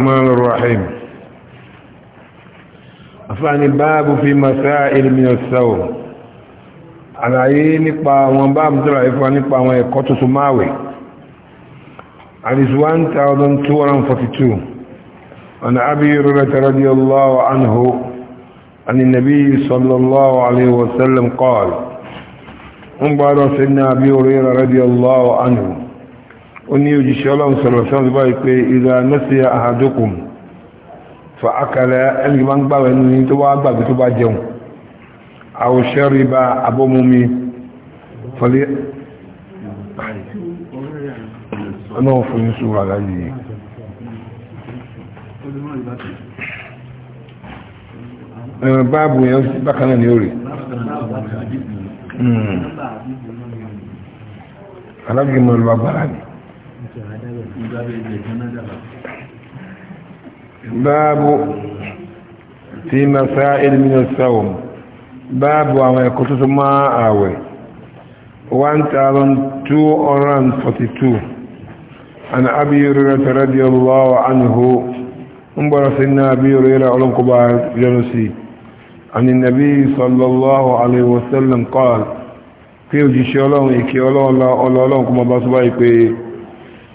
الرحمن الرحيم أفعني باب في مسائل من الثور àlàyé nípa àwọn báàmù tó ràyé fún wa nípa àwọn ẹ̀kọ́ tuntun máàwẹ̀ àdìsí 1242 ọ̀nà abiyarú rẹ̀ radiyallahu anhu àni nàbí sallallahu alaihi wasallam kọ́ọ̀lù ń gbádọ̀ sí ní abiyarú radiyallahu anhu ó ní òjíṣẹ́ ọlọ́run sọ̀rọ̀ sọ́rọ̀ báyìí pé ìlà nọ́síyà àhàdókùn fa akàlẹ̀ ẹni bá ń gbàwẹ̀ ní tó wá gbàgbé tó bá jẹun àwòṣẹ́ rí bá abọ́mumi fọlé ọlọ́run fún ní sùúrù báàbù yẹn bákan náà ni ó rí hmm. alágbèmọ̀ ni باب في مسائل من الصوم باب وما يكتس ما آوي 1242 عن أبي هريرة رضي الله عنه انبر سيدنا أبي هريرة علم كبار جنسي عن النبي صلى الله عليه وسلم قال في وجه شلون إكي الله الله الله الله كما بصبعي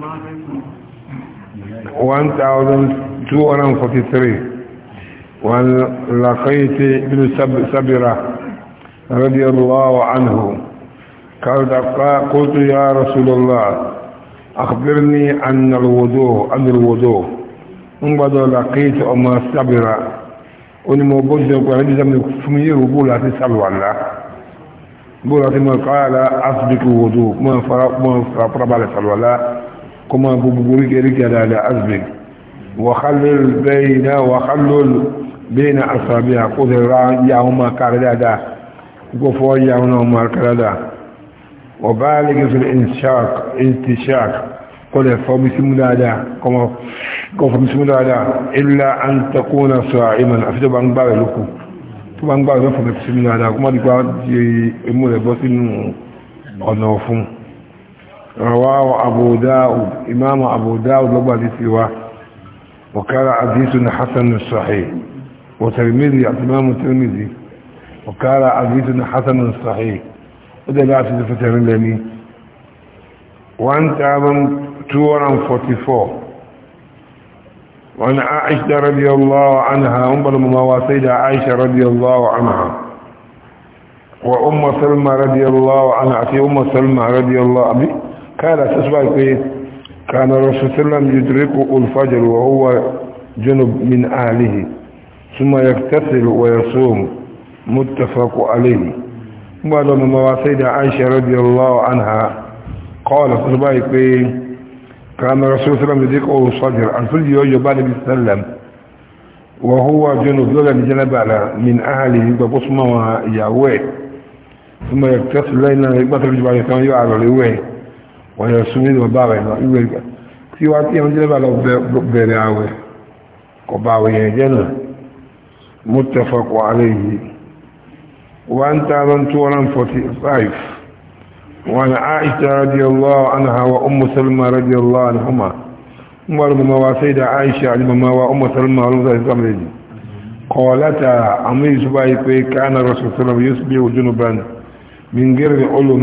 1243 وأن لقيت ابن سبرة رضي الله عنه قلت يا رسول الله أخبرني عن الوضوء عن الوضوء انقضى لقيت أما سبرة oni mo bo je ko hadi zamne fumi yeru bula ti salwala bula ti mo qala asbiqu wudu mo fara fara bala salwala كما ببوريك إليك على عزمك وخلل بين وخلل بين أصابع قدر يهما كردادا قفوا يهما كردادا وبالغ في الانشاق انتشاق قل فبسم الله كما قف بسم الله إلا أن تكون صائما أفجب أن بار لكم ثم أن بار لكم بسم الله كما دي قاعد يمول بسم الله رواه أبو داود إمام أبو داود لبعض سواه وكان حديث حسن الصحيح وترمذي إمام الترمذي وكان حديث حسن الصحيح وده لا تدفت لني وأنت أمام 244 وعن عائشة رضي الله عنها أم المواسيد عائشة رضي الله عنها وأم سلمة رضي الله عنها أتي أم سلمة رضي الله عنها قال سسبان كان الرسول صلى الله عليه وسلم يدركه الفجر وهو جنب من أهله ثم يغتسل ويصوم متفق عليه بعد ما سيدة عائشة رضي الله عنها قال سسبان كان الرسول صلى الله عليه وسلم يدركه الفجر الفجر يجب النبي صلى الله عليه وسلم وهو جنب لولا الجنب على من أهله ببصمة وياويه ثم يغتسل لنا يقبطر الجبال يتوان يعرى لويه wọ́n yọ sún nínú ọba rẹ̀ náà ìwé ìgbà tí wá tí ẹ̀wọ̀n jẹ́lẹ́bà lọ bẹ̀rẹ̀ àwẹ̀ kò bá àwẹ̀ yẹn jẹ́ náà muttafaq alayhi 1245 وعن عائشة رضي الله عنها وأم سلمة رضي الله عنهما عمر بن وسيد عائشة علم ما وأم سلمة رضي قالت أمير سبايك كان رسول الله يسبح جنبا من غير علم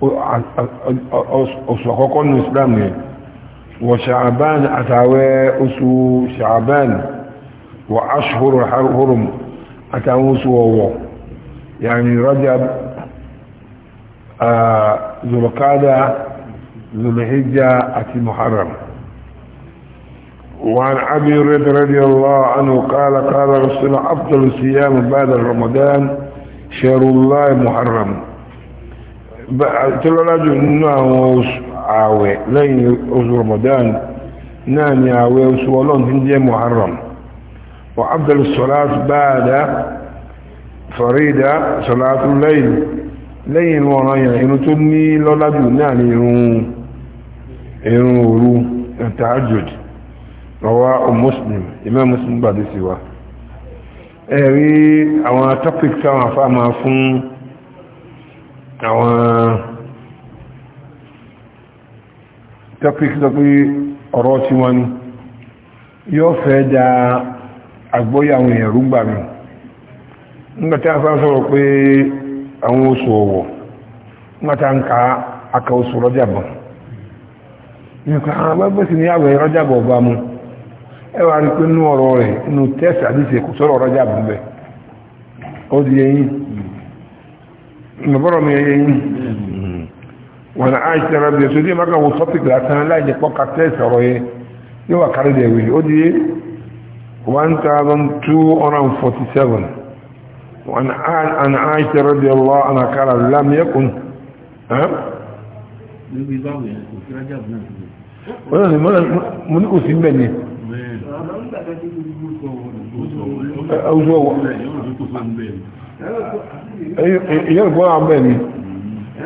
oṣù àkọ́kọ́ ní islam ni wọ ṣàbán àtàwẹ́ oṣù ṣàbán wọ aṣòro harum àtàwọn oṣù ọwọ̀ yàrin rajab zulukada zulhijja àti muharram وعن أبي رد رضي الله عنه قال قال رسول أفضل الصيام بعد رمضان شهر الله محرم tó lọ́lájù nínú àwọn oṣù ààwẹ̀ lẹ́yìn oṣù Ramadan náà ni ààwẹ̀ oṣù ọlọ́run tí jẹ́ Muharram wa afdal salat ba'da farida salatul layl lẹ́yìn irun ọ̀ràn irun tó ní lọ́lájù náà Muslim ime Muslim wa àwọn tẹ́kìkì sọ pé ọ̀rọ̀ tí wọ́n ní yóò fẹ́ da àgbóyà àwọn èèyàn rúgbà mi nígbàtí a sáà sọ̀rọ̀ pé àwọn oṣù ọ̀wọ̀ nígbàtí a ń aka oṣù rọ́jàbọ̀ nìkan àwọn abẹ́bẹ̀sì ní àwẹ̀ rọ́jàbọ̀ bá mu ẹwà rí pé nínú ọ̀rọ̀ rẹ̀ nínú tẹ́sì àdìsẹ̀ kò sọ̀rọ̀ rọ́jàbọ̀ ó di nùbọ́rọ̀ mi ẹyẹ yìí wọn náà àìsí ara bìí sódì máa kàwọn tọ́pìkì látàn láì jẹ́ yẹ yóò wà kárí dẹ̀ ó di one thousand two hundred and forty seven wọn àná àìsí ara bìí ọlọ́ àná kára lámìẹ́kùn يرجو عباني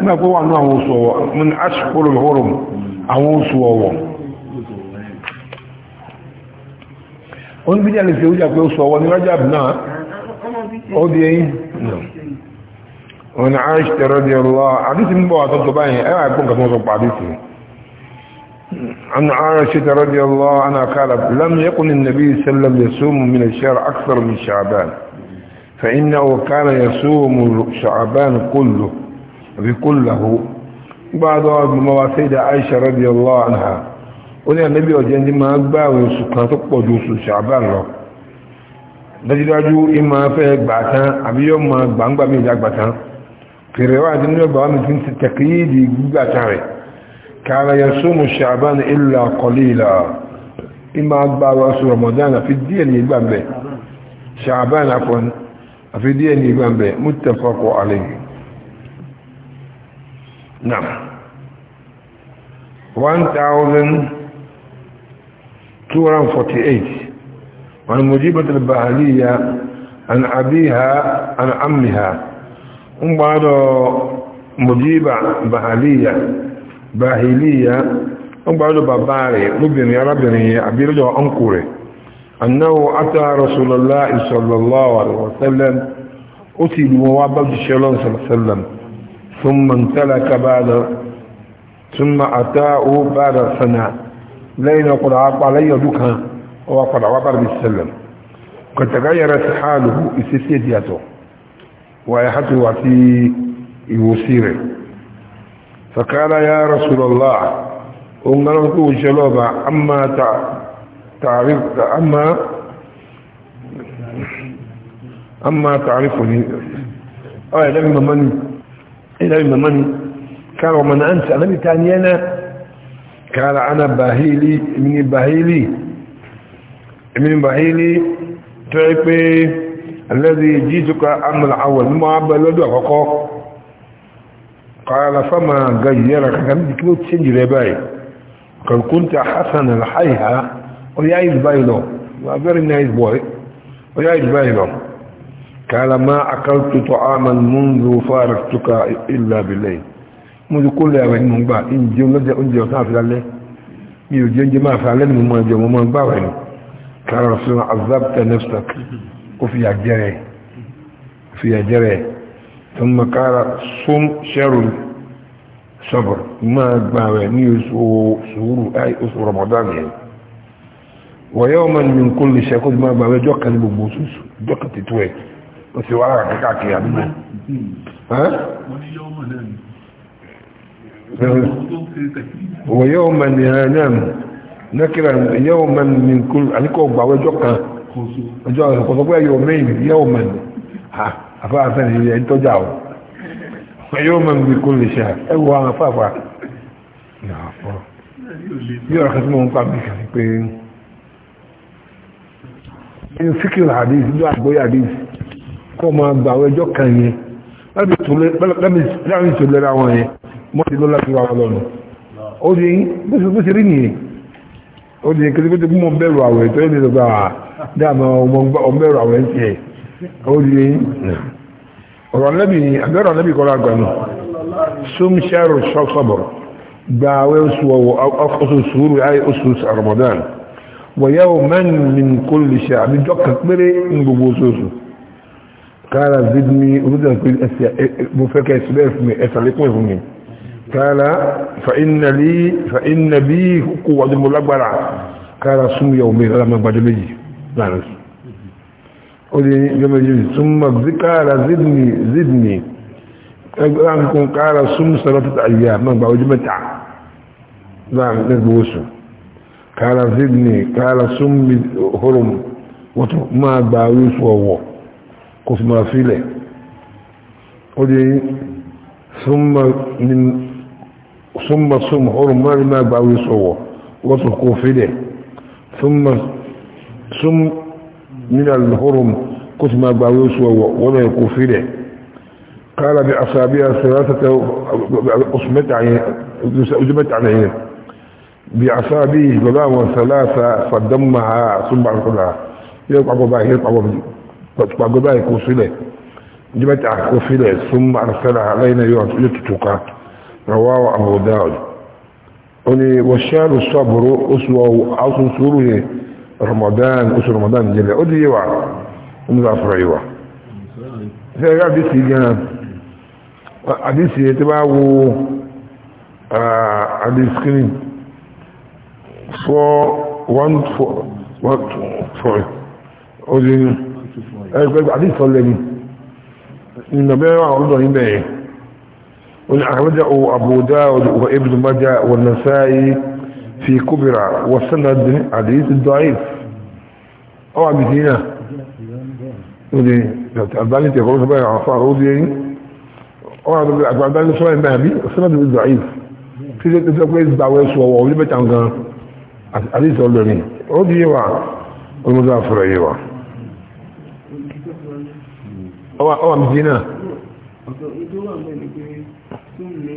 ما هو انه وصوا من اشكر الغرم او وصوا اون بيجي على زوجي اكو وصوا ني راجع ابنا او دي اون عائشة رضي الله حديث من بوا تطلب اي اكون كما سو بعديتي عن عائشة رضي الله عنها قالت لم يكن النبي صلى الله عليه وسلم يصوم من الشهر اكثر من شعبان فإنه كان يصوم شعبان كله بكله بعد مواسيد عائشة رضي الله عنها قال النبي وجند ما أقبع ويسكن تقبع جوس شعبان له dájúdájú ima fẹ́ gbàtán àbí yóò ma gbàǹgbà mi ìjà gbàtán fèrèwà àti nínú ọgbà mi fi ń ti tẹ̀kìyìdì gbàtán rẹ̀ kààrà yẹ sómù ṣàbán ilẹ̀ àkọlé ìlà ima gbàrọ̀ ọsù ramadan àfi díẹ̀ ní ìgbà mẹ́ ṣàbán àfọ́n àfi díẹ̀ ní ìgbà bẹ̀ muttafaqun alayhi naam one thousand two hundred forty eight مجيبة عن أبيها عن أمها أنه أتى رسول الله صلى الله عليه وسلم أتي بموابة الشيطان صلى الله عليه وسلم ثم امتلك بعد ثم أتاه بعد سنة لين قد عطى علي دكا وقد عبر بالسلم قد تغيرت حاله استسيديته ويحته في يوسيره فقال يا رسول الله أمنا نقول جلوبا أما تعريف أما أما تعرفني أو آه، يا نبي ممني يا نبي ممني قال ومن أنت أنا تاني أنا قال أنا بهيلي من بهيلي من بهيلي تعبي الذي جيتك أم الأول ما عبد حقوق قال فما غيرك كم كنت تسجل باي قال كنت حسن الحيها oya oh, is báyìí lọ you are very nice boy oya is báyìí lọ kààlà máa akaltu ta'aman mundu faraktuka illa billahi mo ti kó lè àwẹ̀ nínú gbà ìjẹ olóúnjẹ oúnjẹ ọ̀sán àfi lálẹ́ mi ò jẹ oúnjẹ máa fi alẹ́ nínú mọ́ ẹjọ́ mo ni kààlà rasulun azabta nafsak ó fi yà jẹrẹ fi yà jẹrẹ ثم قال صم شر صبر ما gbà wẹ̀ ní oṣù sùúrù ay oṣù Ramadan yẹn ويوما من كل شيء كل ما بقى جوكا بموسوس جوكا تتوي بس ولا كاكا يا ابن ها ويوما ينام نكرا يوما من كل عليكم بقى جوكا جوكا كوسو يومين يوما ها افا ثاني انتو جاو ويوما من كل شيء ايوا افا افا يا اخي يا اخي مو قام بك nínú fíkìrì hadith ló àgbóyà hadith kọ́ máa gbà àwọn ẹjọ́ kan yẹn láàrin tó lẹ́ra wọn yẹn mọ́ ti lọ́la tó wà lọ́nu ó di bó ṣe rí nìyẹn ó di kí ló mọ̀ bẹ̀rù àwẹ̀ tó yẹ ní ìlú dáàmà ọmọ bẹ̀rù àwẹ̀ ń tiẹ̀ ó di ọ̀rọ̀ lẹ́bì àbẹ̀rọ̀ lẹ́bì kọ́ra gbanú súnmṣẹ́rù sọ́sọ́bọ̀rọ̀ gba àwẹ̀ oṣù ọwọ́ oṣù sùúrù ayé oṣù Ramadan ويوما من كل شيء عبد جوكا كبري نبو سوسو قال زدني اريد ان اقول مفكر اسباف اتلقوا فمي قال فان لي فان بي قوه الملغبره قال صم يومي لما بدلي قال ثم قال زدني زدني قال صم ثلاثه ايام ما بعد متع نعم نبو سوسو قال زدني قال سمي هرم ما باويس وهو قف ما فيله قولي ثم من ثم سم هرم ما باويس وهو وتركوا فيله ثم سم من الهرم قف ما باويس وهو ولا يقوا فيله قال بأصابعها ثلاثة أصمت عليه أجمت عليه بأعصابه بلام وثلاثة فدمها ثم عرقلها يلقى قبا يلقى قبا قبا يكوصله جبت عكوصله ثم أرسلها علينا يتتقى رواه أبو داود أني والشال الصبر أسوة أصل سوره رمضان أسوة رمضان جل أدي يوع ومضى أسرع يوع سيقع بيسي جنان حديثي يتبعه حديث كريم 414 ọdún ẹgbẹ̀gbẹ̀ àti ìsọ̀lẹ̀mù ìgbẹ̀mẹ́wà ọdún ìbẹ̀yẹ وإن أخرجه أبو داود وابن مجا والنسائي في كبرى وسند حديث ضعيف أو عبد هنا ودي أبدالي تقول سبعي عصار ودي أو عبدالي سبعي مهبي وسند ضعيف في ذلك تقول إذ دعوة سوى وولي بتعنقان àdísọ̀ lórí ó di yíwa olùmọ́sá fúrọ̀ yíwa ọwà mìí náà ọ̀tọ̀ ìjọ wà mẹ́rin pé tún ní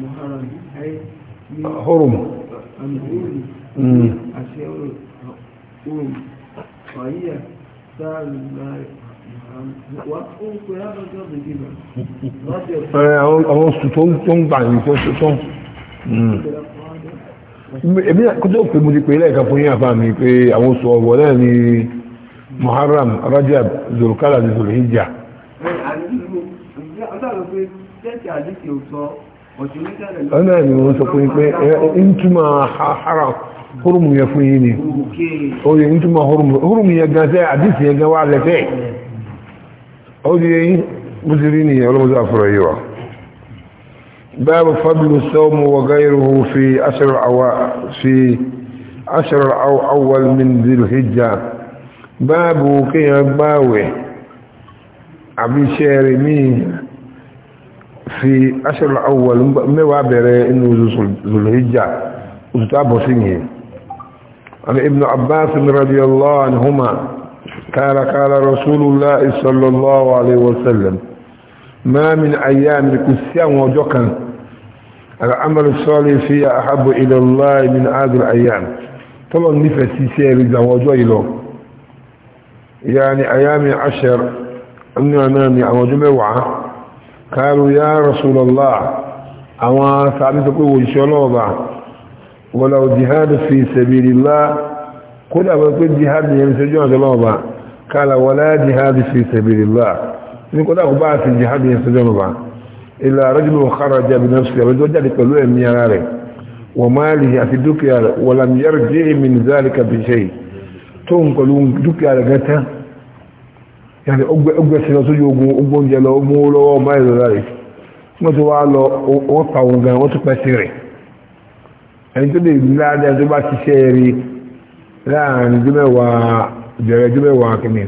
moharam ayé ní horum àti horum wàyíyà sáàrì láàrin Àwọn oṣù tó ń gbà ní tó ṣe tán. èmi àkójọ pé mo ti pè é lẹ́ẹ̀kan fún yín àfa mi pé àwọn oṣù ọ̀wọ̀ ni muharram rajab zulukala àti zulhijja. ọ̀nà ni na sọ fún yín pé haram hurumu yẹn fún yín ni oye ń túmọ̀ hurumu yẹn gan sẹ́ àdìsí yẹn gan wà lẹ́fẹ̀ẹ́ ó di yẹn bó ti wa. باب فضل الصوم وغيره في أشر الأو... في عشر الأو... أول من ذي الحجة باب كي باوي أبي شيرمي في أشر الأول موابر إنه ذو الحجة أستاب سنه عن ابن عباس رضي الله عنهما قال قال رسول الله صلى الله عليه وسلم ما من أيام كسيان وجوكا العمل الصالح فيها أحب إلى الله من هذه الأيام طبعا نفسي سيري وجوه له يعني أيام عشر أني أمامي أو جمعة قالوا يا رسول الله أما ثابت قوة شلوضة ولو جهاد في سبيل الله قل أبقى جهاد يمسجون شلوضة قال ولا جهاد في سبيل الله ní kọ́dá kò bá ti jihadi yẹn sọ́jọ́ nùbà ilẹ̀ arọ́jùmọ̀ ọ̀kára jẹ́ abinú sílẹ̀ àwọn ìjọ jáde pẹ̀lú ẹ̀mí ara rẹ̀ wọ́n máa lè àti dúkìá rẹ̀ wọ́n làm yẹ́rù jẹ́ èmi ní záàlì kàbí ṣe tó ń pẹ̀lú dúkìá rẹ̀ gẹ́tẹ́ yàtì ọgbẹ́ sí lọ sójú ogun ogun oúnjẹ lọ mú lọ́wọ́ máa lọ rẹ̀ wọ́n ti wá lọ wọ́n pa òun gan wọ́n tún pẹ́ sí rẹ̀ ẹni tó lè láàdá tó bá ṣiṣẹ́ rí láàrin jùmẹ̀wàá jẹ̀rẹ̀ jùmẹ̀wàá kìnnì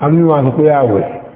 àwọn mímọ́ àkókò yà wẹ̀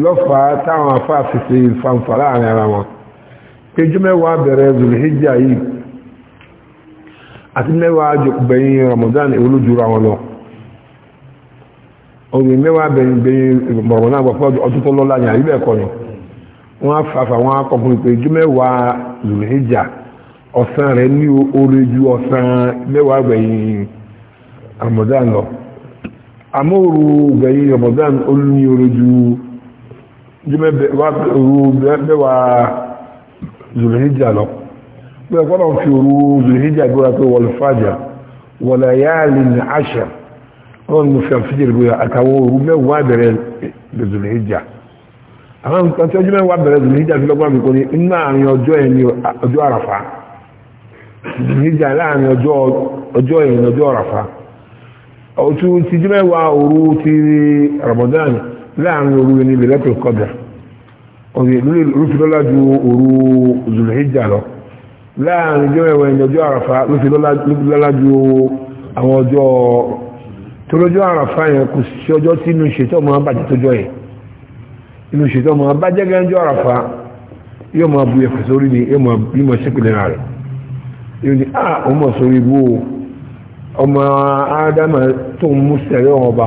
lọ́fàá táwọn afá fífi fanfà láàrin ara wọn péjú mẹ́wàá bẹ̀rẹ̀ zulhijjá yìí àti mẹ́wàá gbẹ̀yìn ramadan olójúra wọn lọ orin mẹ́wàá gbẹ̀yìn ramadan ní àríbẹ̀ ni wọ́n wọn akọkùnrin péjú mẹ́wàá ọ̀sán rẹ̀ ní orí ọ̀sán mẹ́wàá ramadan lọ amóoru ramadan olú ní orí jimẹ òru mẹwàá zulhijja lọ bẹ́ẹ̀ kọ́nà fi òru zulhijja gbọ́ra pé wal fajr wa layalin ashr wọ́n mú fi àfijì gbọ́ra àtàwọn òru mẹ́wàá bẹ̀rẹ̀ zulhijja àwọn ìpàtí ọjọ́ mẹ́wàá bẹ̀rẹ̀ zulhijja fi lọ́gbọ́n mi kò ní iná àárín ọjọ́ ẹ̀ ní ọjọ́ àràfà zulhijja láàrin ọjọ́ ẹ̀ ní ọjọ́ àràfà ọ̀tún ti jimẹ́wàá òru ti Ramadan láàrin òru ní lẹ́lẹ́tò kọ́dà òye lófìlọ́lá ju òru zulhijja lọ láàrin ìjọ ẹ̀wọ̀n ẹ̀yìn ọjọ́ àràfà lófìlọ́lá ju àwọn ọjọ́ tolójọ́ àràfà yẹn kò sí ọjọ́ tí inú ìṣètò ọmọ abájẹ́ tójọ́ yẹn inú ìṣètò ọmọ abájẹ́ gẹ́gẹ́ àràfà yóò máa bu ẹ̀fẹ̀ sórí ni yóò máa ṣẹ́pẹ̀lẹ̀ rẹ̀ yóò ní à ah, ọmọ sórí ibú ọmọ ádámà tó ń mú sẹ́rẹ̀ ọba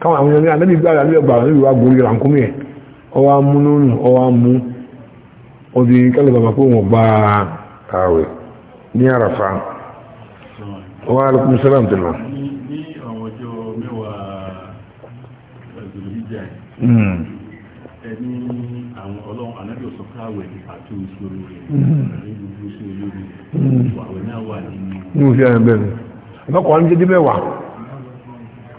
káwọn àwọn ènìyàn lẹ́bí gbára lé ọgbà lórí wa gborí ràǹkúnmí ẹ̀ ọwá mú lónù ọwá mú ọdí kálẹ̀ bàbá pé wọ́n bá ààrẹ ní àràfà ọwá alùpùpù sẹ́lẹ̀m tó lọ. ní àwọn ọjọ́ mẹ́wàá ẹ̀dùnúbíjà hmm. ẹni àwọn ọlọ́run anábì ọ̀sán káwẹ̀ àti oṣù olóore ní gbogbo oṣù olóore wàwẹ̀ náà wà nínú. ní oṣù àyẹ̀bẹ̀ mi ọkọ̀ wa ń jẹ́ dé mẹ́wàá.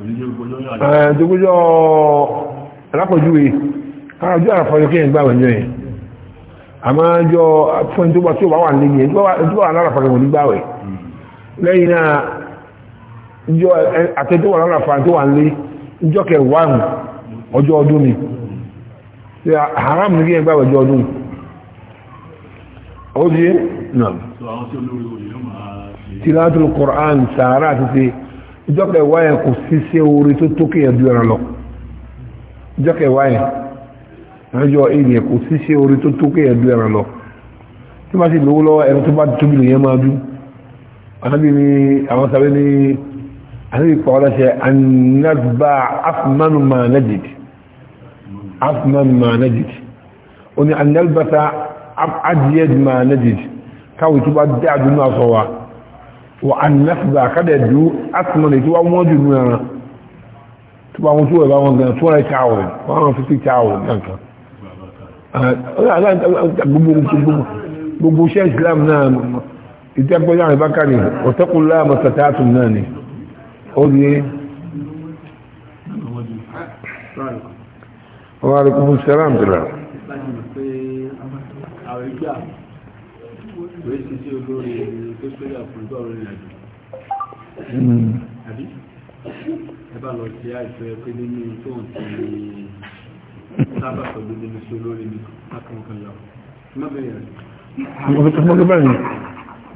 ẹ̀ẹ́dógójọ́ alápọ̀júwe káàjú àràfọ́jọ́ kí ẹ̀ gbà wẹ̀nyọ́ yẹn àmọ́ jọ fún tó bá tó bá wà nílé yẹn tó bá alárafọ́jọ́ nígbà wẹ̀ lẹ́yìn náà tó wà kẹwàá ọjọ́ ìjọkẹ̀ wáyẹ̀ kò sí sí orí tó tó kéèyàn ju ẹran lọ ìjọkẹ̀ wáyẹ̀ àjọ èrè kò sí sí orí tó tó kéèyàn ju ẹran lọ tí wọ́n sì lówó lọ́wọ́ ẹran tó bá tóbi lè yẹn máa dú anábì ní àwọn sábẹ́ ní anábì pa ọ́ lọ́sẹ̀ anábà afmanu ma afmanu ma najid ó ní anábàtà káwé tó bá dé àdúgbò àsọ wa an nafza kada du asma ne tuwa wọ́n jù ní ẹran tó bá wọn tó ẹ̀bá wọn gan 200,000 150,000 yankan gbogbo ṣe islam náà ìtẹ́kọ̀ọ́yà àbákà ni ọ̀tẹ́kùnlá mọ̀sátátùn náà ni ó di wọ́n rí kúrú sẹ́ràn tìlá àwọn ẹgbẹ́ kò sí sí olórí tó sórí àpòjọ ọ̀rọ̀ ìrìn àjò àbí ẹ bá lọ sí àìsọ ẹ pé nínú tó ń ti sábà pẹ̀lú nínú sí olórí mi lákàwọn kan lọ má bẹ̀rẹ̀ àjò. àwọn ọ̀sán mọ́tò báyìí.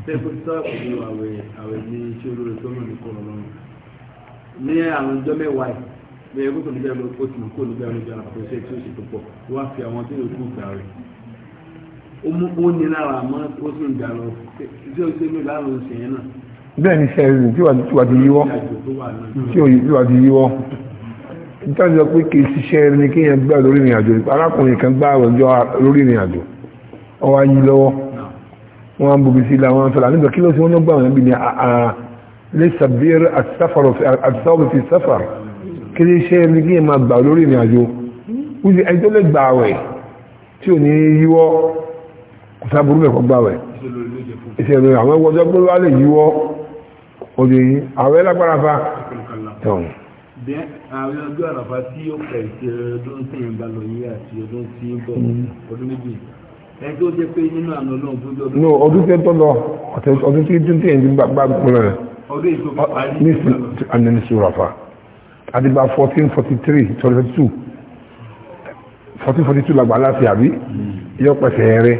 ṣé kò sọ pẹ̀lú àwẹ̀ àwẹ̀ ní sí olórí tó mọ̀ ní kọ̀ ọ̀rọ̀ ní àwọn ọjọ́ mẹ́wàá yìí bẹ́ẹ̀ kókò níbẹ̀ ló kó tìmọ̀ kó níbẹ̀ ló jẹ́ àpòṣe tí ó sì tó pọ̀ wá fi àwọn tó yẹ kó gbà rẹ̀ ó ní lára àmọ́ ó sì ń dàrọ tí ó ṣe mélòó àrùn ìṣẹ̀yìn náà. bẹ́ẹ̀ ni sẹ́yìn tí wàá ti yíwọ́ tí wàá ti yíwọ́ níta sọ pé kì í ṣiṣẹ́ ni kéèyàn gbà lórí ìrìn àjò arákùnrin kan gbà àwùjọ lórí ìrìn àjò ọwọ́ ayé lọ́wọ́ wọ́n á ń bubi sí làwọn afẹ́lá nígbà kí ló ṣe wọ́n ló gbà wọ́n bí ni lẹ́sà bẹ́ẹ̀rẹ̀ àtìsáwọ̀ fi sáfà kí ló ṣe ni kéèyàn máa gbà lórí ìrìn àjò gbà àwẹ̀ kò sáàbùrú mẹ́kọ̀ gbáwẹ̀ ìṣẹ̀lẹ̀ àwọn ọjọ́ pé wà lè yíwọ́ òjò yìí àwẹ́ lágbára fa tẹ̀wọ̀n. àwọn ọjọ́ àràfà tí ó pẹ̀ sí ọdún tí ń bá lọ yìí àti ọdún tí ń bọ̀ mm. ọdún méjì ẹni tó jẹ́ pé nínú àná ọlọ́run tó jọ. no ọdún tí ó tọ́ lọ ọdún tí ó tẹ̀yìn ti gbà gbọ́nà rẹ̀ ní sùràfà àdìgbà 1443 1442 1442 làgbà láti àbí mm. yọ pẹ̀sẹ̀ rẹ̀.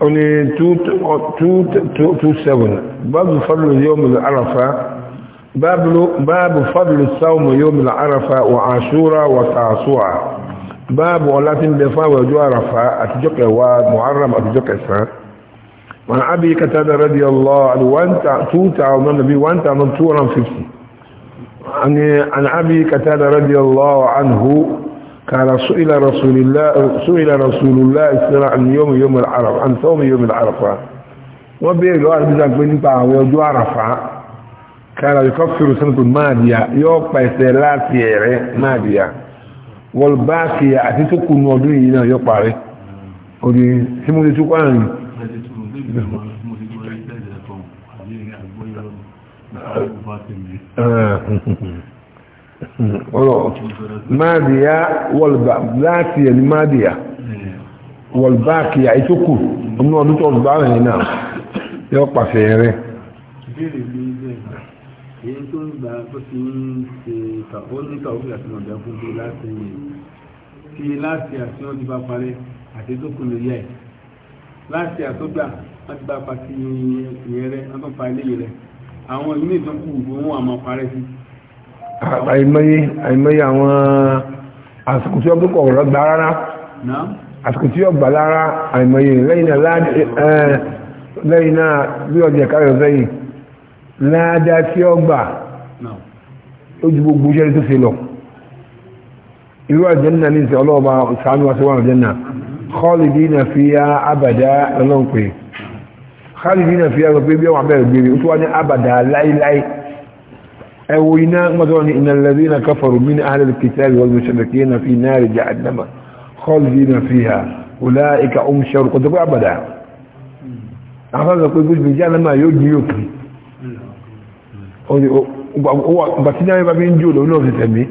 oni 227 babu fadlu yawm al-arafa babu babu fadlu sawm yawm al-arafa wa ashura wa tasu'a babu walatin da fa wa ju arafa atjoke wa muharram atjoke sa wa abi katada radiyallahu anhu wa anta tuta wa nabi wa anta man 250 an abi katada radiyallahu anhu كان سئل رسول الله سئل رسول الله صلى عن يوم يوم العرف عن صوم يوم العرفة وبيقول واحد بيزان كوين با ويوجو عرفة كان يكفر سنة مادية يوقع سيلات يري مادية والباقية أتتكو نودي هنا يوقع ودي سمو دي تقوان آه máàdìyà wọlbà láti ẹni máàdìyà wọlbà kìyà ìtókù ọmọ ọdún tó gbà rẹ̀ náà yọ pàṣẹ rẹ̀ èyí tó ń gbà tó fi ń ṣe ó ní kàwé àti ọ̀dà fún tó láti yìí tí láti àti wọn ti bá parí àti tó kù lórí ẹ̀ láti àtọ́gbà wọn ti bá pa sí ìyẹn rẹ̀ wọn tó pa ilé rẹ̀ àwọn ìlú ìtọ́kù gbogbo àmọ́ parí sí àìmọye àìmọye àwọn àsìkò tí ó gbé kọ̀ọ̀rọ̀ gbà rárá àsìkò tí ó gbà lára àìmọye lẹ́yìn náà bí ọjà káyọ̀ sẹ́yìn láàdá tí ó gbà ó ju gbogbo iṣẹ́ tó ṣe lọ irú àjẹ́nà ní ìsẹ̀ ọlọ́ọ̀bá sàánú àti wọn àjẹ́nà khalidina fiya abada lọ́lọ́pẹ̀ khalidina fiya rọ̀ pé bí wọ́n bẹ̀rẹ̀ gbèrè ó tó wá ní abada láíláí أوينا مثلا إن الذين كفروا من أهل الكتاب والمشركين في نار جهنم خالدين فيها أولئك هم شر قد تقول أبدا هذا يقول يقول بجانا ما يجي يكري هو بس نعم يبقى بين جولة ولو تسمي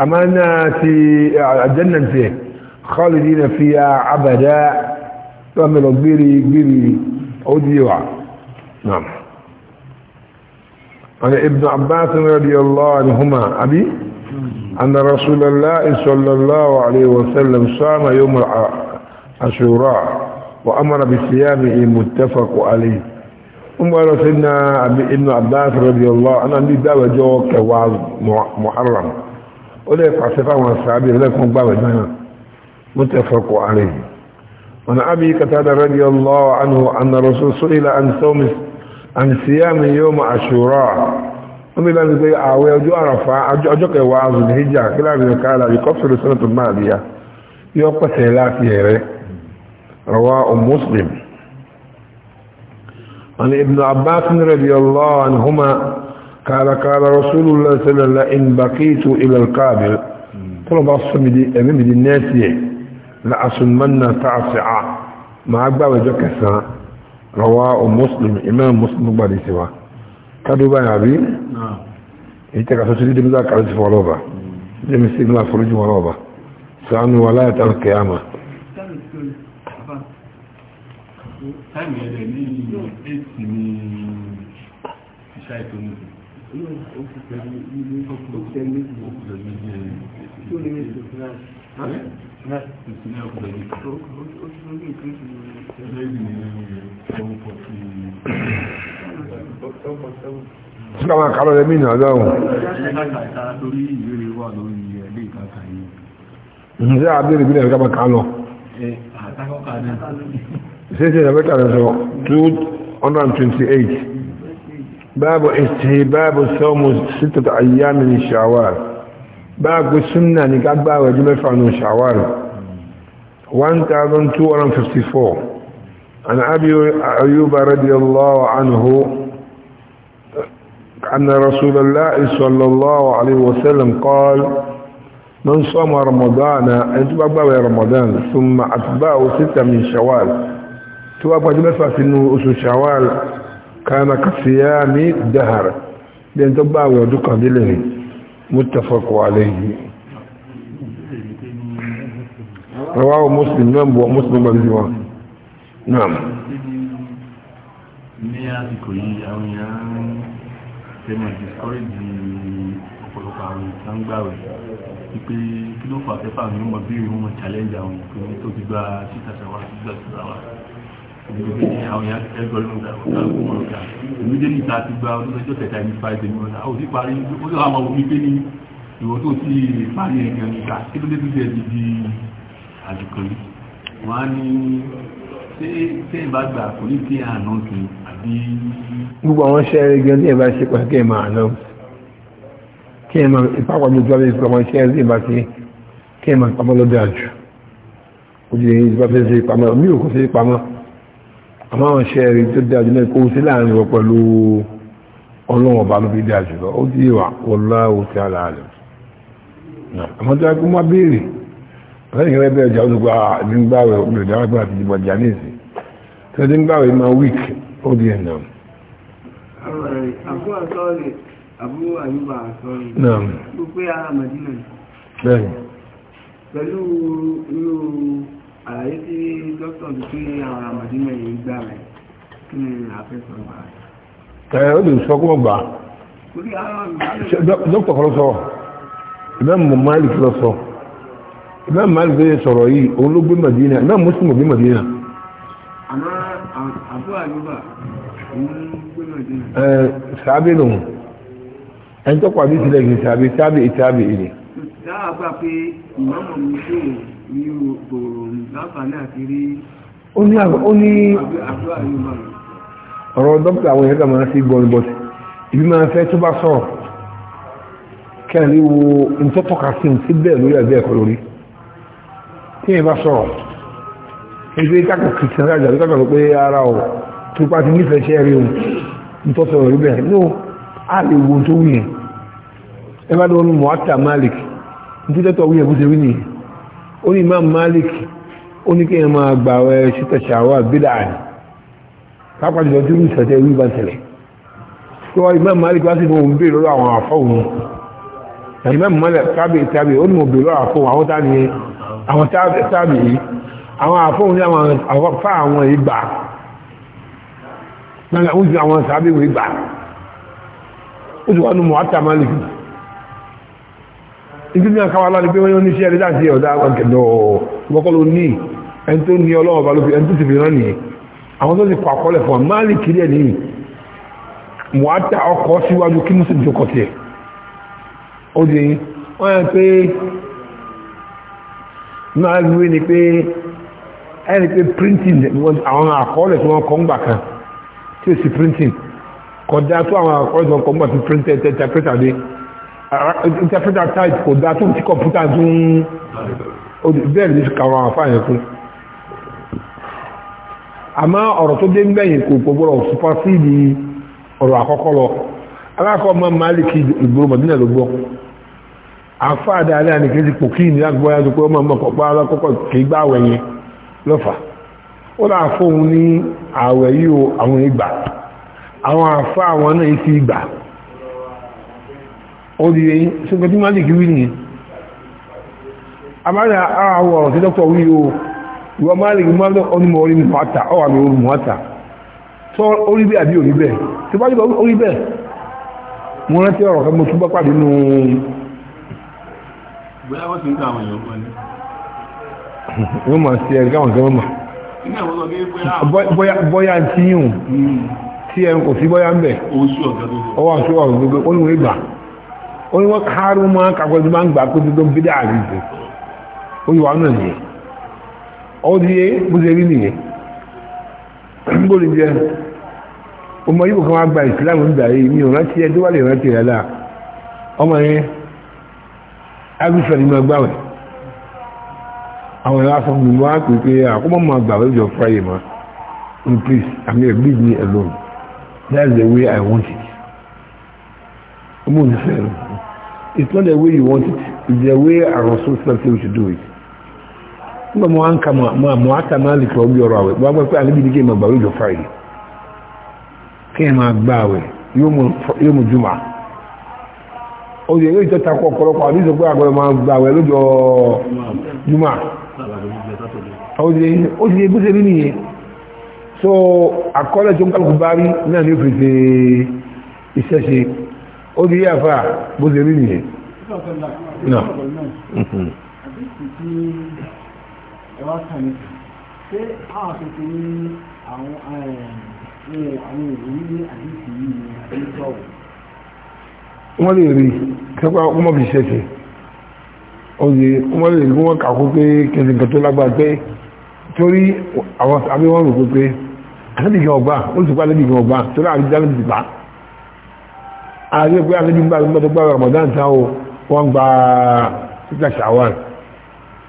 أمانا في الجنة فيه خالدين فيها أبدا تعمل بيري بيري أودي نعم عن ابن عباس رضي الله عنهما أبي أن رسول الله صلى الله عليه وسلم صام يوم عاشوراء وأمر بصيامه متفق عليه أمر سيدنا ابن عباس رضي الله عنه أن يدعو جوك محرم وليس يفعصفه من لكم باب جنة متفق عليه وأن أبي قتادة رضي الله عنه أن رسول سئل عن صوم عن صيام يوم عاشوراء ومن لم يقول آوي أجو عرفة أجو كوا ذو الهجة كلا من قال سنه السنة الماضية يوقف سيلاتي رواه مسلم عن ابن عباس رضي الله عنهما قال قال رسول الله صلى الله عليه وسلم إن بقيت إلى القابل طلب أصمي دي أمين دي الناس لأصمنا تعصع ما أقبل جكسا rawa muslim imam muslim gbadi siwa ka duba ya bi èyí tẹ́ka hmm. tó títí dìmísà kàrí sí fọlọ́ba jẹ́mi sí ìlú àforíjì wọn lọ́ba sànú wà láyé tàbí kẹyàmà Thank you. Síkàmà kàrọ̀ lẹ́mí ìnà ọlọ́run. Ṣé àbẹ̀rẹ̀ ìbílẹ̀ ìkàmà kàrọ̀? Ṣé ṣe ìrẹ̀mẹ́ta rẹ̀ sọ 228. Báàbù ìṣẹ́ báàbù sọ́mù sítàtà ayyámi ni ṣàwàrì. báàgbé السنة ní kágbàwẹ̀ ọjọ́ mẹ́fà 1254 عن أبي أيوب رضي الله عنه أن رسول الله صلى الله عليه وسلم قال من صام رمضان اتبقى رمضان ثم أتباع ستة من شوال تبقى جمسة في نوء شوال كان كصيام دهر لأن تبقى ودقى دلني متفق عليه رواه مسلم نعم ومسلم بالجوان نعم ní àsìkò yìí àwọn èèyàn ṣe mọ̀ discourage ọ̀pọ̀lọpọ̀ àwọn ìtàn gbàwẹ̀ wípé kí ló fà fẹ́fà ní ọmọ bí ìwọ̀n challenge àwọn ìpínlẹ̀ tó ti gba títàṣàwà àwọn yàrá ẹgbẹ́ ọdún ọ̀gá ọ̀gá ọ̀gá ìmúdélì ta ti gba ọdún ọjọ́ kẹta ní fáìlì ó sì parí ó sì àwọn omi tó ti parí ẹ̀gbẹ́ níta kí ló dé tó di di àdùkọ́lé wọ́n á ní ṣé ṣé ìbá gbà kò ní kí àná tù àbí. gbogbo àwọn iṣẹ́ rẹ̀ gan ní ẹ̀bá ṣe pàṣẹ kí ẹ máa lọ kí ẹ máa ìpapọ̀ mi tó bá àwọn iṣẹ́ rẹ̀ bá ṣe kí ẹ máa pamọ́ lọ́dọ̀ àjù òjì ìbá fẹ́ ṣe àmọ́ àwọn iṣẹ́ rí tó dájú náà kó sí láàrin wọ pẹ̀lú ọlọ́run ọba ló fi dájú lọ ó dí wà wallahu ta'ala alim àmọ́ tó ẹkún máa béèrè lẹ́yìn rẹ̀ bẹ́ẹ̀ jà ó dùgbà ah, nígbàwẹ̀ olùdáwàgbà àti ìdìbò jàníìsì tó pẹ̀lú inú àlàyé tí dókítà ti pín àwọn àmàdínà yìí gbà rẹ̀ kí ni àfẹ́sọ̀ gbà rẹ̀. ẹ ó lè sọ kó gbà dókítà kan sọ ìmọ̀ Malik lọ sọ ìmọ̀ Malik lọ sọ̀rọ̀ yìí olóògbé Madina ìmọ̀ Muslim ògbé Madina. àmọ́ àbúrò àyùbá ògbé Madina. ẹ sàbẹ̀ lòun ẹni tó pàdé sílẹ̀ kì í sàbẹ̀ sàbẹ̀ ìtàbẹ̀ ìlẹ̀. dáhà gbà pé ìmọ̀ mọ̀ mi ní òòrùn láǹfààní àti rí ó ní ọ̀rọ̀ dọ́pítà àwọn ìyẹ́gà máa sí gbọ́n bọ́tì ibi máa fẹ́ tó bá sọ̀rọ̀ kẹ́rin wo ìtọ́tọ́ka sí ti bẹ́ẹ̀ lórí ẹ̀bẹ́ ẹ̀kọ́ lórí tí yẹn bá sọ̀rọ̀ ẹgbẹ́ kákà kìtìyàn rájà ló kákà ló pé ara ọ̀ tó pa ti nífẹ̀ẹ́ ṣẹ́ rí ohun ìtọ́sọ̀rọ̀ rí bẹ́ẹ̀ ní a lè wo tó wù yẹn ẹ bá dọ́nu mọ́ àtà Malik ní tó tẹ́tọ̀ wù yẹn bó ṣe rí nìyẹn ó ní imam malik ó ní kí ẹ máa gbà ẹ ṣíta ṣàwà bídà ní pápá jùlọ tí ó ń sọtẹ wí bá tẹlẹ tó imam malik wá sí mo ń bèèrè lọ́wọ́ àwọn àfọwọ́ imam malik tábì tábì ó ní mo bèèrè lọ́wọ́ àfọwọ́ àwọn tábì àwọn tábì yìí àwọn àfọwọ́ ní àwọn fa àwọn ìgbà náà ó ju àwọn sábì ìgbà ó ti wá nu mọ́ àtà malik nítorí náà káwọn aláàdé pé wọ́n ní iṣẹ́ ẹ̀rẹ́dá sí ọ̀dá àgbàkẹ̀dọ̀ ẹni pé printing àwọn àkọọ́lẹ̀ tí wọ́n kọ́ ń gbà kan tí ó sì printing kọjá tó àwọn àkọọ́lẹ̀ tí wọ́n kọ́ ń gbà ti printed tẹ́tẹ́ interpreter type kò dá tó tí kọ̀mpútà tún bẹ́ẹ̀ ní kàwọn àfáàyàn fún àmá ọ̀rọ̀ tó dé gbẹ̀yìn kò gbọ́gbọ́rọ̀ supersede ọ̀rọ̀ àkọ́kọ́ lọ alákọ̀ọ́ ma máàlìkì ìgboro mọ̀dínà ló gbọ́ àfáàdà alẹ́ àni kìí pò kí ìnira gbọ́ yàtọ̀ pé ọmọ ọmọkọ̀pá alákọ̀ọ́kọ́ kìí gbá àwẹ̀ yẹn lọ́fà ó dà fóun ní àwẹ̀ yìí àwọn ìgbà àwọn àfá àwọn náà ti gbà oríire ṣùgbọ́n tí malik wí nìyẹn amára ara wọ ọ̀rọ̀ tí dọ́kítọ̀ wí o ìwọ malik mọ́lẹ̀ onímọ̀ orí mu àtà ọwà mi orí mu àtà tó orí bẹ́ẹ̀ àbí orí bẹ́ẹ̀ tó bá yíba orí bẹ́ẹ̀ mo rántí ọ̀rọ̀ kan mo tún pàdé nù. bóyá wọ́n ti ń ta àwọn èèyàn o tí ẹ kò sí bóyá ń bẹ̀. owó sí ọ̀gá tó ń bọ̀. ọwọ́ àti ọ̀gá tó ń bọ̀ ó ní wọ́n gbà ó ní wọ́n kárú máa kakọ́ tó máa ń gbà kótó tó ń bídà àríṣe ó yíwa náà nìyẹn ó di yé bó ṣe rí nìyẹn ń bò ní jẹ ọmọ yìí kò kàn wá gba ìsìlámù nígbà yìí mi ò rántí ẹ tó wà lè rántí rẹ láà ọmọ yẹn agbésọ ni mo gbà wẹ̀ àwọn ẹ̀rọ afọ mi wá pé máa gbà wẹ̀ jọ fúráyè mọ́ please àmì ẹ̀ leave me alone that's the way I want it ọmọ onífẹ́ rẹ̀ it's not the way you want it it's the way our Rasul said we should do it nígbà mo ń ka mo àmọ́ àtà máa lè kọ́ bí ọ̀rọ̀ àwẹ̀ wọ́n gbọ́ pé àníbi ní kí n máa gbà lójó Friday kí n máa gbà àwẹ̀ yóò mú jùmọ̀ ó yẹ yóò jọta kọ ọ̀pọ̀lọpọ̀ àbí ìsọ̀pọ̀ àgbọ̀dọ̀ máa gbà àwẹ̀ lójó jùmọ̀ so àkọọ́lẹ̀ tó ń kálukú bá rí náà ní ó di yàfà bó ṣe rí nìyẹn. ṣé àwọn àtúntò ní àwọn àwọn ìròyìn ní àdìsí yìí ni àdìsọ́ wọ́n lè rí sẹ́pà ọmọ fi ṣẹ̀ṣẹ̀ oye wọ́n lè rí wọ́n kàkó pé kẹsì nǹkan tó lágbà pé torí àwọn àbí wọ́n rò pé pé àtẹ́bìgàn ọgbà ó sì pa àtẹ́bìgàn ọgbà torí àbí dáná ti pa ààrẹ pé àrẹ́bí mọ́tò gbá Ramadan tán o wọ́n gba títà ṣàwọn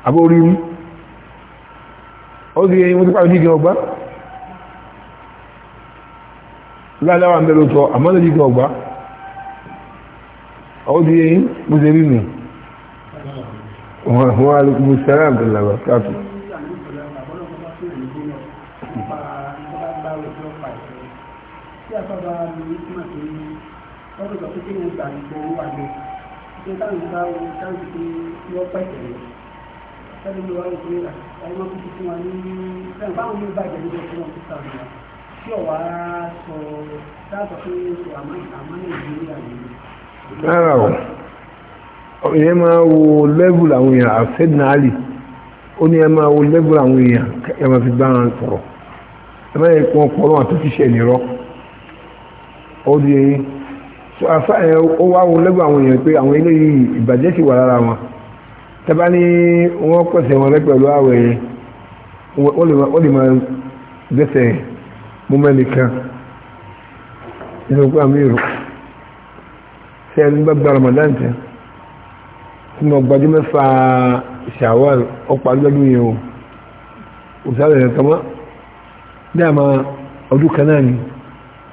àbórí mú ó sì yẹ wọ́n tó pàdé ìgbẹ̀ ọgbá ládáwà ń bẹ̀rẹ̀ tọ́ àmọ́ lójú ìgbẹ̀ ọgbá ó sì mú nítawọn ìgbà wo táwọn ti fi wọ́n pẹ̀tẹ̀ rẹ̀ sẹ́dọ̀ ló wà lókè rà láyé wọ́n fi fún wa ní sẹ́yìn báwo ló bàjẹ́ níbi tí wọ́n ti ta ọ̀nà tí ọ̀wá sọ dáàbò pé àmọ́ nàìjíríà ni. rárá o ìyẹn máa wo lẹ́bù làwọn èèyàn àfẹ́dínà àlì ó ní ẹ máa wo lẹ́bù làwọn èèyàn ẹ máa fi bá wọn sọ̀rọ̀ ẹ máa yẹ kí wọ́n kọ́ ọ́n àti ṣíṣẹ́ nírọ́ ó di eyín. so afa ẹ ó wá wọn lẹ́gbọ̀n àwọn èèyàn pé àwọn eléyìí ìbàjẹ́ sì wà lára wọn tẹ́bá ní wọ́n pẹ̀sẹ̀ wọn pẹ̀lú àwẹ̀ ma ó lè máa dẹ́sẹ̀ mọ́mọ́ nìkan nínú pé àmì ẹni bá gba Ramadan tẹ tí mo gbajú mẹ́fà Shawwal ọ̀pá lọ́dún yẹn o rẹ̀ kama dáàmà ọdún kan ni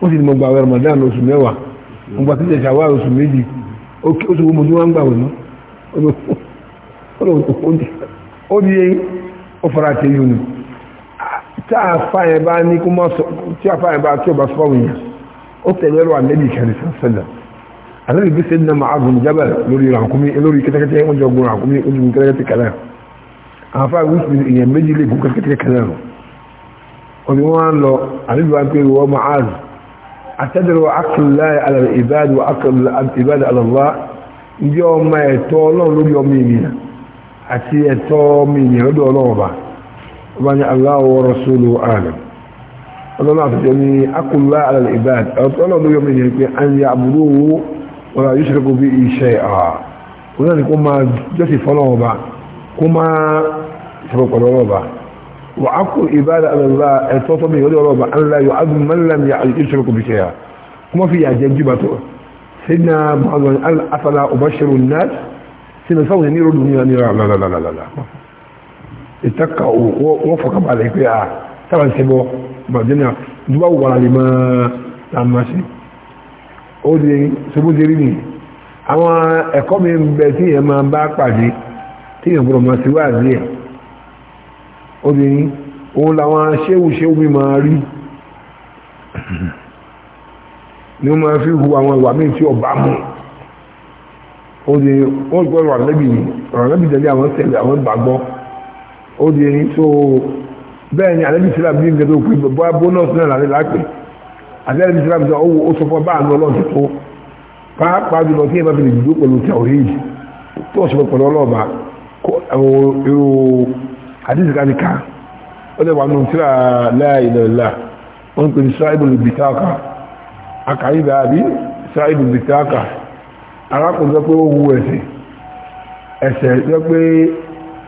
ó sì ní mo Ramadan mẹ́wàá mo gbà títẹ̀ ṣàwá oṣù méjì oṣù wo mo ní wọ́n ń gbà wọ̀nà ó di yẹn ó fara tẹ yóò nù tí àfa yẹn bá ní kó má sọ tí àfa yẹn bá tí ò bá sọ wọn yẹn ó tẹ̀lé ọ̀rọ̀ àlẹ́bí ìṣẹ̀lẹ̀ sọ́sẹ̀lẹ̀ àlẹ́bí bí sẹ́dínà máa gùn jábẹ̀ أتدروا عقل الله على العباد وعقل العباد على الله يوم ما يتولون يوم يمينا أتي يتومين يردوا لهم ومن الله ورسوله أعلم الله أعطيني أقل الله على العباد أتولون يوم يمينا أن يعبدوه ولا يشركوا به شيئا ولن يكون ما جسي فلوبا كما سبق الله وعقل عبادة على الله التوصل به رب أن لا يعظم من لم يشرك بشيئا كما في عجب جبته سيدنا بعض قال أفلا أبشر الناس سيدنا سوى نير الدنيا نير لا لا لا لا لا اتقى ووفق بعد كده طبعا سيبه بعدين دوا لما لما شيء ó di ṣubú di rí ni àwọn ẹ̀kọ́ mi ń bẹ tí èèyàn máa bá pàdé tí èèyàn gbọ́dọ̀ máa ti wá àdí ẹ̀ obìnrin òun làwọn ṣéwùṣéwù mi máa rí ni ó máa fi hu àwọn ìwà míì tí ọba mú obìnrin wọ́n gbọ́ ọ̀rọ̀ àlẹ́bì ni ọ̀rọ̀ àlẹ́bì tẹ̀lé àwọn tẹ̀lé àwọn gbàgbọ́ obìnrin tó bẹ́ẹ̀ ni àlẹ́bì sílá bí nǹkan tó pé bọ́á bónọ́ọ̀sì náà lálẹ́ lápẹ́ àti àlẹ́bì sílá bí sọ owó ó sọ fún ọba àánú ọlọ́run tó pàápàá jùlọ tí ẹ bá fi lè dúró pẹ̀lú tàwíìdì tó ọ̀ṣọ́ pẹ̀lú ọlọ́ọ̀bà hadith kan ka o de wa tira la ilaha illa on bitaka akai ba bi bitaka ara ko zo pé ó wu ẹsẹ̀ ẹsẹ̀ jẹ́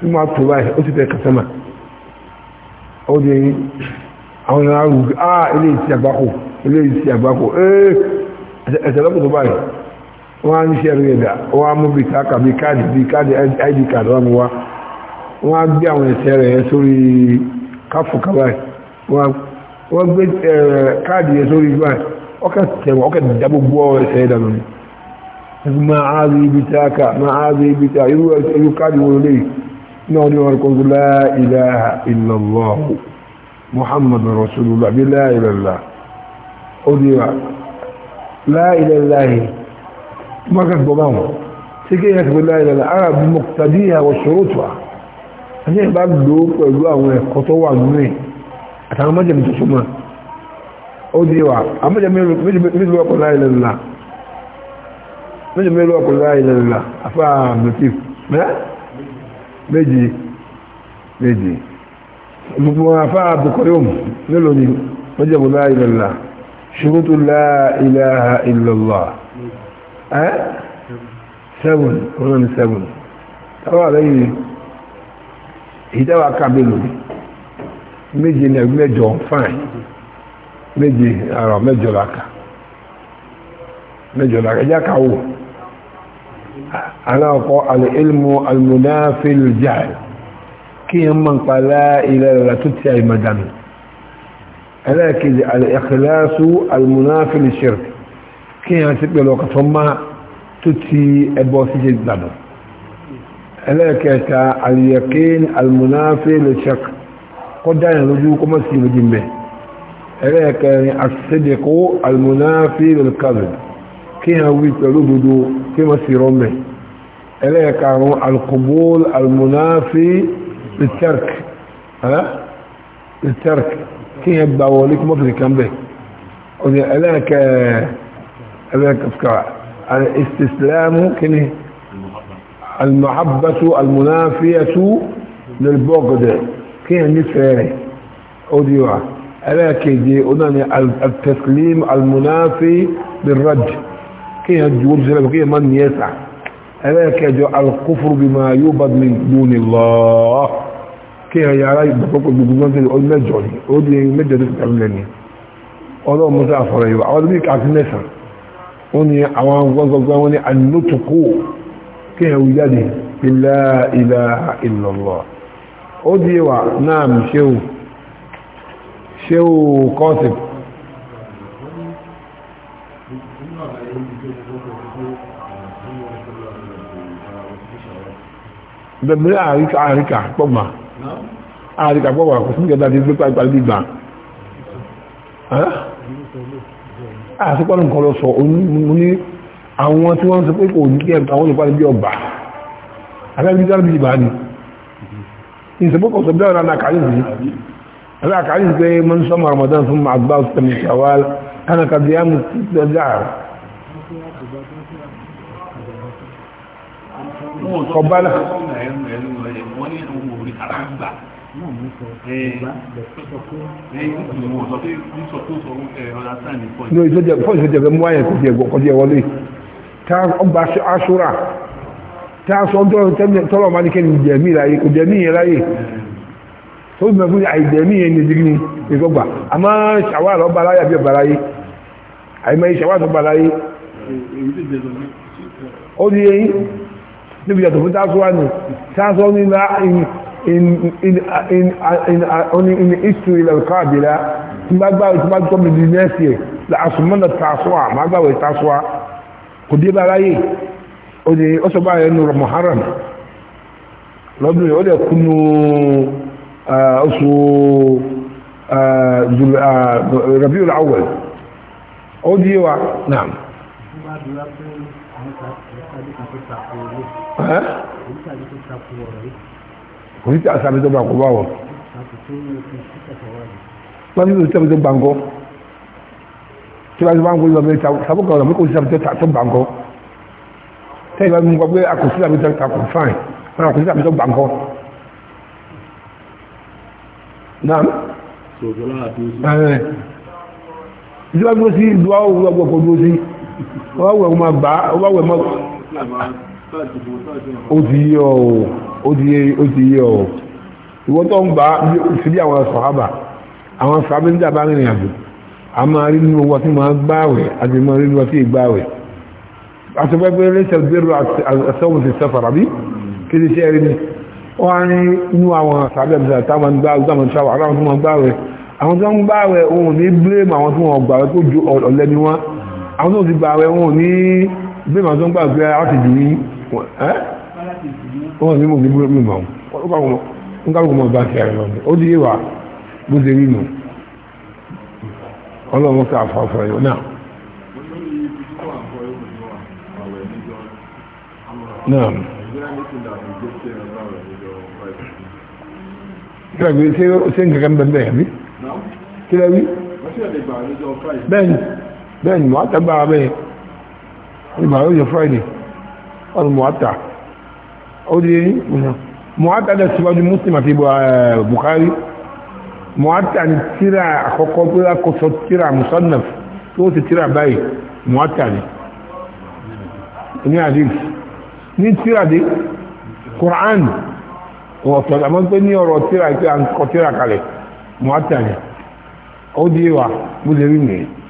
to báyìí ó ti te kasama o de àwọn na ru ah ilé ti àgbákò ilé ti eh ko ṣe mú id card mú wọ́n á gbé àwọn ẹ̀sẹ̀ rẹ̀ sórí káfù kaba wọ́n gbé káàdì yẹn sórí gbà ọkẹ́ tẹ̀wọ̀ ọkẹ́ dábò gbọ́ ẹ̀sẹ̀ ìdànù ni máa rí ibi tí a kà máa rí ibi tí a irú káàdì wọn lè náà ní wọn kọ́ńtù la ilaha illallah muhammadu rasulullah bí la ilallah ó di wa la ilallah mọ́kàtí bọ́ báwọn sí kí yẹn kàbí la ilallah arab muqtadiha wa shurutuha ẹ̀yẹ́ bá lò ó pẹ̀lú àwọn ẹ̀kọ́ tó wà nínú ẹ̀ àtàwọn mọ́jẹ̀mí tó súnmọ́ ó di wà àmọ́jẹ̀mí ló ọkọ̀ láìlẹ̀ ńlá mọ́jẹ̀mí ló ọkọ̀ láìlẹ̀ ńlá afá motif méjì méjì gbogbo afá abdulkoyom mélòó ni mọ́jẹ̀mí láìlẹ̀ ńlá ṣurutu la ilaha illallah ẹ́ seven one seven táwọn ìdáwà kábílù méje ní ẹgbẹ́ mẹ́jọ fáìn méje àrọ̀ mẹ́jọ làkà mẹ́jọ làkà ẹjá káwò aláwọ̀kọ́ alìlmù alìmùnáfíìlì jáì kí yẹn mọ́ nípa láìlẹ̀ rẹ̀ tó ti àìmọ̀ dànù ẹlẹ́ẹ̀kejì alìkìláṣù alìmùnáfíìlì ṣirk kí yẹn ti pẹ̀lú ọkàtọ́ máa tó ti ẹbọ síse dànù ẹlẹ́ẹ̀kẹta aliyakin almunafi lechak kọ́dá yẹn lójú kó mọ́ sí méjì mẹ́ ẹlẹ́ẹ̀kẹrin asẹ́dẹ̀kó almunafi lelkazin kí yẹn wí pẹ̀lú dodo kí mọ́ sí rọ́mẹ́ ẹlẹ́ẹ̀karùn alkubul almunafi letark letark kí yẹn gbà wọlé kí mọ́ sí kan bẹ́ ẹlẹ́ẹ̀kẹ́ ẹlẹ́ẹ̀kẹ́ المحبة المنافية للبغض كيف نفعله أوديوها ألا كيدي أنني التسليم المنافي للرج كيف يقول سلام كيف من يسع ألا كيدي الكفر بما يوبد من دون الله كيف يا رأي بفكر بجنان تلي أول مجعلي أودي مجد تتعلمني أولو متأفر أيوة أولو بيك عكس نسر وني أوان وانزل واني النتقو kí ẹ̀ wù jáde ilá ilá ìlọ̀lọ̀ ó di wà náà mú ṣéwù ṣéwù kọ́sìp bẹ̀bẹ̀rẹ̀ àríkà àríkà pọ̀gbà àríkà pọ̀gbà kò sí ìjọba ti gbé pàápàá gbígbà àṣípọ̀lù nǹkan lọ sọ oní àwọn tí wọ́n sọ pé kò ní kí ẹ̀mù àwọn olùpàdé bí ọgbà alẹ́bí dára bí ìbá ní ìsẹ̀pọ̀pọ̀ sọ bí ọ̀rọ̀ alákàáyìsí alákàáyìsí pé mọ́ ní sọmọ Ramadan fún àgbà sọmọ Shawwal ọgbà aṣúra tá a sọ tọ́lọ̀ máa ní kẹ́ ní jẹ̀mí láyé kò jẹ̀mí yẹn láyé tó bí mẹ́fún àìjẹ̀mí yẹn ní dígí ní ìgbọ́gbà a máa ṣàwà lọ́gbà láyé àbí ọgbà láyé àìmọ́ ìṣàwà tó gbà láyé ó di eyín níbi ìyàtọ̀ fún táṣọ́ wà ní táṣọ́ ní lá in ilẹ̀ ọ̀kọ́ àbílá tí bá gbáwẹ̀ tí bá tọ́ kò dé bá ráyè ó ní ọ́sọ́ bá rẹ̀ nù Muharram lọ́dún yìí ó dẹ̀ kúnnú oṣù Rabiul Awwal ó dí wa náà oríṣi àṣàbí tó bá kó bá wọ̀ wọ́n ní oríṣi àṣàbí tó bá ń kọ́ tí wọ́n ti wá ń gbóyè ọbẹ̀ sàbúkọ̀ ọ̀rọ̀ mẹ́kọ̀ọ́ sísàbí tó gbàǹkọ́ tẹ́ ìbá mú gbogbo àkùsí àbí tó takù fáìn wọn àkùsí àbí tó gbàǹkọ́ náà ìjọba dúró sí ìlú àwọn òwúrọ̀ ọgbọ̀gbọ̀ dúró sí ọwọ́ wẹ̀ ọmọ àgbà ọwọ́ wẹ̀ mọ́ ó ti yé ọ ó ti yé ọ ìwọ́n tó ń gbà sí bí àwọn sọ̀hábà àwọn sọ̀hábà ń dàbá rìnrìn àjò a máa rí nínú wa tí ma gbáwẹ̀ àti ma rí wa tí gbáwẹ̀ àtọ́gbẹ́gbẹ́ lẹ́sẹ̀ bẹ̀rù àtọ́wọ̀n ti sẹ́fàrà bí kí ti ṣe rí ní wọ́n á ní inú àwọn sàbẹ̀ àti táwọn gbáwẹ̀ àwọn tó ń gbáwẹ̀ ohun ní blame àwọn tó wọ́n gbàwẹ̀ tó ju ọ̀lẹ́ ni wọ́n àwọn tó ti gbàwẹ̀ ohun ní blame àwọn tó ń gbàwẹ̀ pé bó ṣe rí nù ọlọ́run sí àfọ́fọ́ yóò náà náà kílàgbé ṣe ń gẹ̀gẹ́ ń bẹ̀rẹ̀ àbí kílàgbé bẹ́ẹ̀ni bẹ́ẹ̀ni mọ́ta gbára bẹ́ẹ̀ ìgbà lójọ friday ọdún mọ́ta ó dé mọ́ta dẹ̀ síwájú muslim àti bukari muwatta ni tíra àkọ́kọ́ pé a kò sọ tíra musannaf tó ti tíra báyìí muwatta ni ní àdìs ní tíra dé Qur'an ọ̀tọ̀ àmọ́ pé ní ọ̀rọ̀ tíra pé à ń kọ tíra kalẹ̀ muwatta ni ó di wa bó ṣe rí nìyẹn